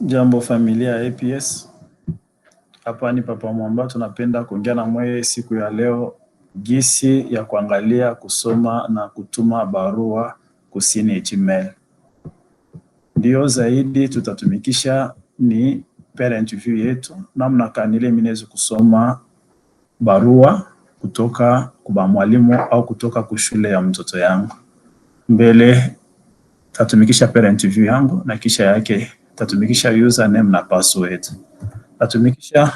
Jambo familia ya APS, hapa ni Papa Mwamba. Tunapenda kuongea na mweye siku ya leo gisi ya kuangalia, kusoma na kutuma barua kusini Gmail. Ndio zaidi tutatumikisha ni parent view yetu, namna kanile minezi kusoma barua kutoka kwa mwalimu au kutoka kushule ya mtoto yangu. Mbele tatumikisha parent view yangu na kisha yake tatumikisha username na password. Tatumikisha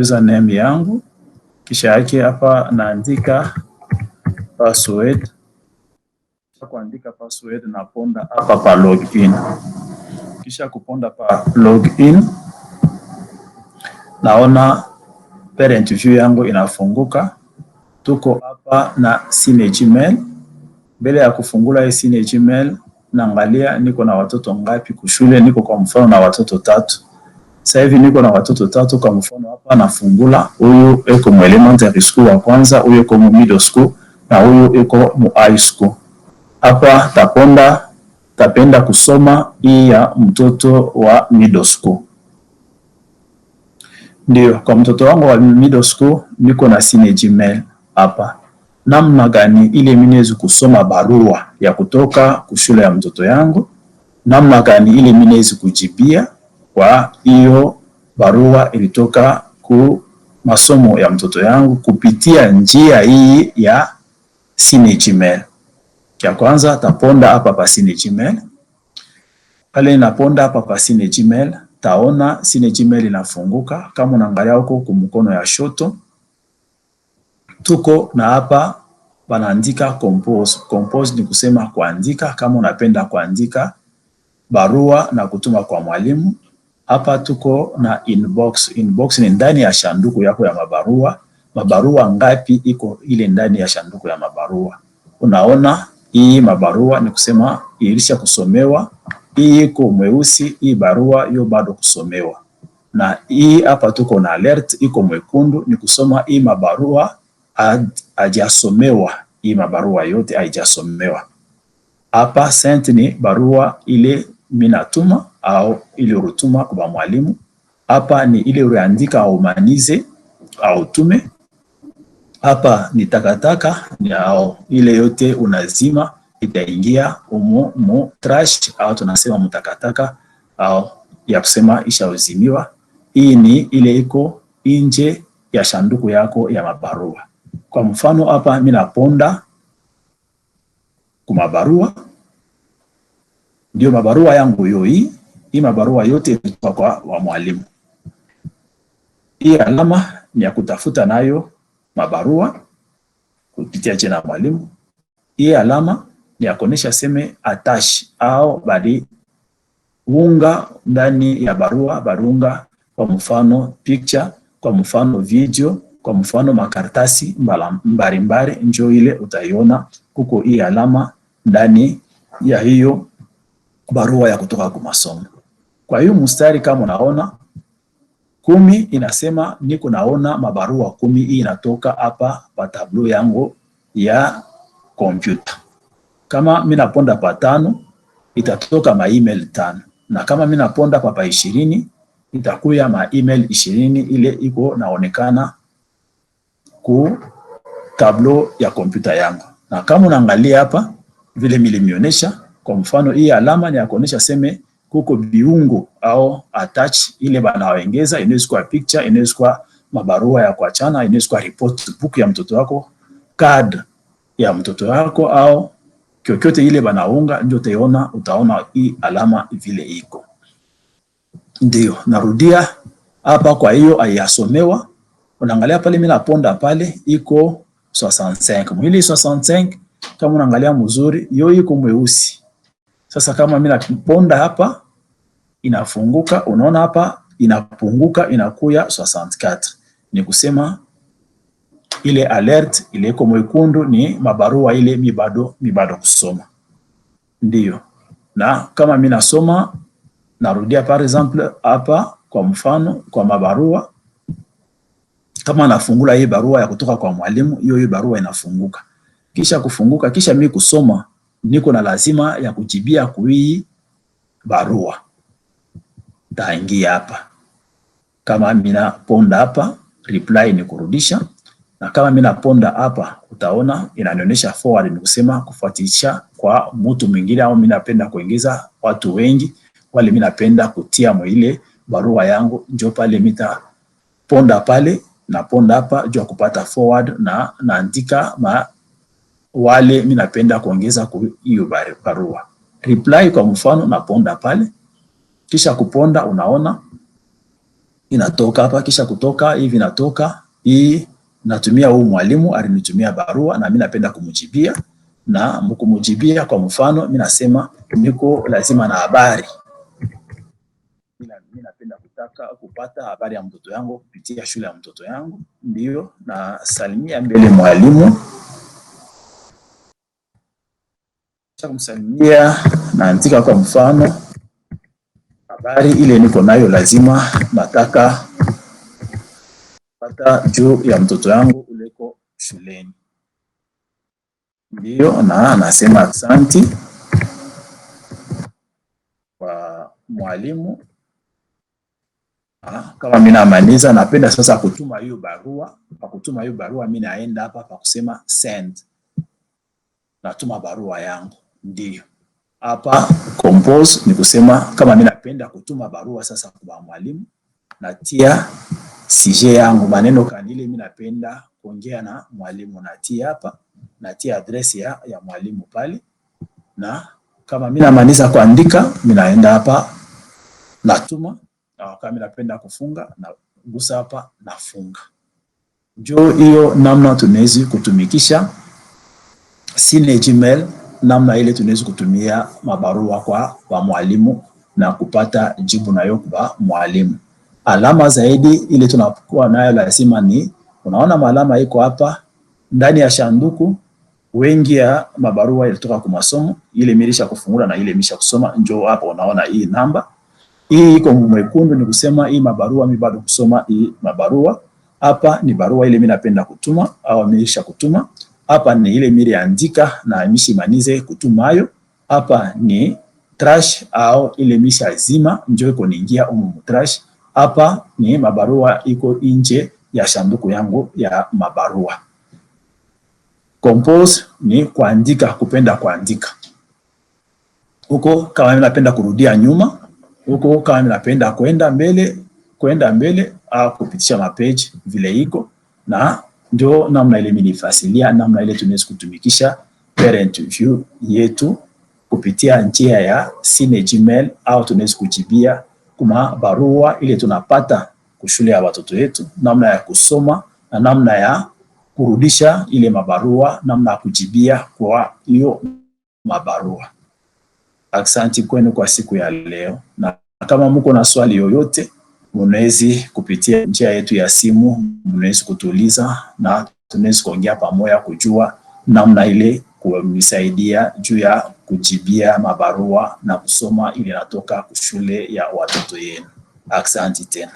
username yangu, kisha yake hapa naandika password. Kisha kuandika password na ponda hapa pa login, kisha kuponda pa login, naona parent view yangu inafunguka. Tuko hapa na Synergy Mail. Mbele ya kufungula hii Synergy Mail naangalia niko na watoto ngapi kushule. Niko kwa mfano na watoto tatu sasa hivi, niko na watoto tatu kwa mfano hapa, nafungula huyu eko mu elementary school wa kwanza, huyu eko mu middle school na huyu eko mu high school. Hapa taponda tapenda kusoma hii ya mtoto wa middle school. Ndio, kwa mtoto wangu wa middle school niko na Synergy Mail hapa namna gani ile mimi niweze kusoma barua ya kutoka kushule ya mtoto yangu, namna gani ile mimi niweze kujibia kwa hiyo barua ilitoka ku masomo ya mtoto yangu kupitia njia hii ya Sine Gmail. Cha kwanza taponda hapa pa Sine Gmail. Pale naponda hapa pa Sine Gmail, taona Sine Gmail inafunguka. Kama unaangalia huko kumkono ya shoto tuko na hapa wanaandika compose. Compose ni kusema kuandika, kama unapenda kuandika barua na kutuma kwa mwalimu. Hapa tuko na inbox. Inbox ni ndani ya sanduku yako ya mabarua. Mabarua ngapi iko ile ndani ya sanduku ya mabarua? Unaona hii mabarua ni kusema ilisha kusomewa, hii iko mweusi, hii barua hiyo bado kusomewa, na hii hapa tuko na alert iko mwekundu, ni kusoma hii mabarua hajasomewa hii mabarua yote haijasomewa. Hapa sent ni barua ile minatuma au ile urutuma kwa mwalimu. Hapa ni ile au aumanize au tume. Hapa ni takataka au ile yote unazima itaingia umu mu trash au tunasema mtakataka au ya kusema ishauzimiwa. Hii ni ile iko nje ya sanduku yako ya mabarua. Kwa mfano hapa mimi naponda kumabarua, ndio mabarua yangu yoi, hii mabarua yote ilitoka kwa wa mwalimu. Hii alama ni ya kutafuta nayo mabarua kupitia jina la mwalimu. Hii alama ni ya kuonesha seme attach au bali unga ndani ya barua barunga, kwa mfano picture, kwa mfano video kwa mfano makaratasi mbalimbali njo ile utaiona kuko hii alama ndani ya hiyo barua ya kutoka kwa masomo. Kwa hiyo mstari kama unaona kumi inasema niko naona mabarua kumi. Hii inatoka hapa pa tableau yangu ya kompyuta. Kama mimi naponda pa tano itatoka ma email tano, na kama mimi naponda pa pa ishirini itakuya ma email ishirini ile iko naonekana ku tableau ya kompyuta yangu. Na kama unaangalia hapa vile milimionesha kwa mfano hii alama ni ya kuonesha seme kuko viungo au attach ile banaoengeza, inaweza kuwa picture, inaweza kuwa mabarua ya kuachana, inaweza kuwa report book ya mtoto wako, card ya mtoto wako au kyokyote ile banaunga, ndio utaona utaona hii alama vile iko. Ndio, narudia hapa. Kwa hiyo aiyasomewa unaangalia pale, mila ponda pale iko 65 mwili 65, kama unaangalia mzuri hiyo iko mweusi. Sasa kama mila ponda hapa inafunguka, unaona hapa inapunguka inakuya 64. Ni kusema ile alert ile iko mwekundu ni mabarua ile mi bado mi bado kusoma, ndio. Na kama mimi nasoma narudia, par exemple hapa kwa mfano kwa mabarua kama nafungula hii barua ya kutoka kwa mwalimu, hiyo hiyo barua inafunguka. Kisha kufunguka, kisha mimi kusoma, niko na lazima ya kujibia kuhii barua. Taingia hapa, kama mimi naponda hapa, reply ni kurudisha, na kama mimi naponda hapa, utaona inanionyesha forward, ni kusema kufuatisha kwa mtu mwingine, au mimi napenda kuingiza watu wengi wale, mimi napenda kutia mwile barua yangu, njo pale mitaponda pale naponda hapa juu ya kupata forward na naandika ma wale mimi napenda kuongeza hiyo barua reply. Kwa mfano naponda pale, kisha kuponda, unaona inatoka hapa, kisha kutoka hivi natoka hii. Natumia huu mwalimu alinitumia barua na mimi napenda kumjibia na mkumjibia. Kwa mfano mimi nasema niko lazima na habari nataka kupata habari ya mtoto yangu kupitia shule ya mtoto yangu, ndiyo na salimia mbele mwalimu kumsalimia naandika kwa mfano habari ile niko nayo, lazima nataka pata juu ya mtoto yangu uleko shuleni, ndiyo na nasema asanti kwa mwalimu. Ah, kama mimi namaliza, napenda sasa kutuma hiyo barua. Kwa kutuma hiyo barua, mimi naenda hapa pa kusema send, natuma barua yangu. Ndio hapa compose ni kusema kama mimi napenda kutuma barua sasa kwa mwalimu, natia sije yangu maneno kanile mimi napenda kuongea na mwalimu, natia hapa, natia address ya, ya mwalimu pale, na kama mimi namaliza kuandika, mimi naenda hapa natuma Ah, kama napenda kufunga na gusa hapa nafunga. Njoo hiyo namna tunaweza kutumikisha sine Gmail, namna ile tunaweza kutumia mabarua kwa, kwa mwalimu na kupata jibu nayo kwa mwalimu. Alama zaidi ile tunakuwa nayo lazima ni, unaona maalama iko hapa ndani ya shanduku wengi ya mabarua ilitoka kwa masomo ile imeisha kufungula na ile imesha kusoma. Njoo hapa unaona hii namba hii iko mwekundu ni kusema hii mabarua mi bado kusoma hii mabarua. Hapa ni barua ile mimi napenda kutuma au ameisha kutuma. Hapa ni ile mimi andika na mishimanize kutuma hayo. Hapa ni trash au ile mishazima njoo iko niingia umu trash. Hapa ni mabarua iko nje ya sanduku yangu ya mabarua. Compose ni kuandika, kupenda kuandika. Huko kama mimi napenda kurudia nyuma huko kama napenda kwenda mbele kwenda mbele au ah, kupitisha mapeji vile iko, na ndio namna ile nifasilia namna ile tunaweza kutumikisha parent view yetu kupitia njia ya sine Gmail, au tunaweza kujibia kuma barua ile tunapata kushule ya watoto wetu namna ya kusoma na namna ya kurudisha ile mabarua, namna ya kujibia kwa hiyo mabarua. Aksanti kwenu kwa siku ya leo, na kama mko na swali yoyote, munawezi kupitia njia yetu ya simu, mnaweza kutuuliza na tunawezi kuongea pamoja kujua namna ile kumisaidia juu ya kujibia mabarua na kusoma ile natoka shule ya watoto yenu. Aksanti tena.